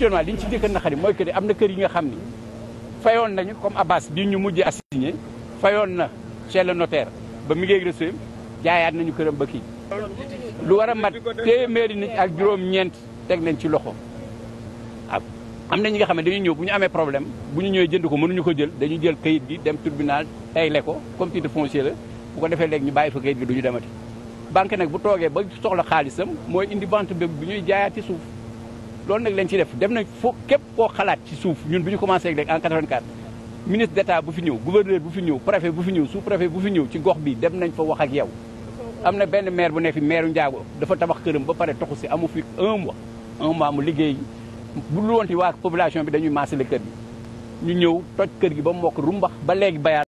actuellement li ñu ci njëkk a naqari mooy que ne am na kër yi nga xam ni fayoon nañu comme Abbas bi ñu mujj assigné fayoon na chez le notaire ba mi ngi reçu jaayaat nañu këram ba kii lu war a mat téeméeri nit ak juróom-ñeent teg nañ ci loxo ah am na ñi nga xam ne dañu ñëw bu ñu amee problème bu ñu ñëwee jënd ko mënuñu ko jël dañuy jël kayit gi dem tribunal tayle ko comme titre foncier la bu ko defee léegi ñu bàyyi fa kayit gi du ñu demati banque nag bu toogee ba soxla xaalisam mooy indi vente bi bu ñuy jaayaat suuf loolu nag lañ ci def def nañ foo képp koo xalaat ci suuf ñun bi ñu commencé rek en 84 ministre d'état bu fi ñëw gouverneur bu fi ñëw préfet bu fi ñëw sous préfet bu fi ñëw ci gox bi dem nañ fa wax ak yow am na benn maire bu ne fi maire Ndiago dafa tabax këram ba pare toxu si amu fi un mois un mu liggéey bu lu woon ci waa population bi dañuy maasale kër gi ñu ñëw toj kër gi ba mokk rumbax ba léegi bayaat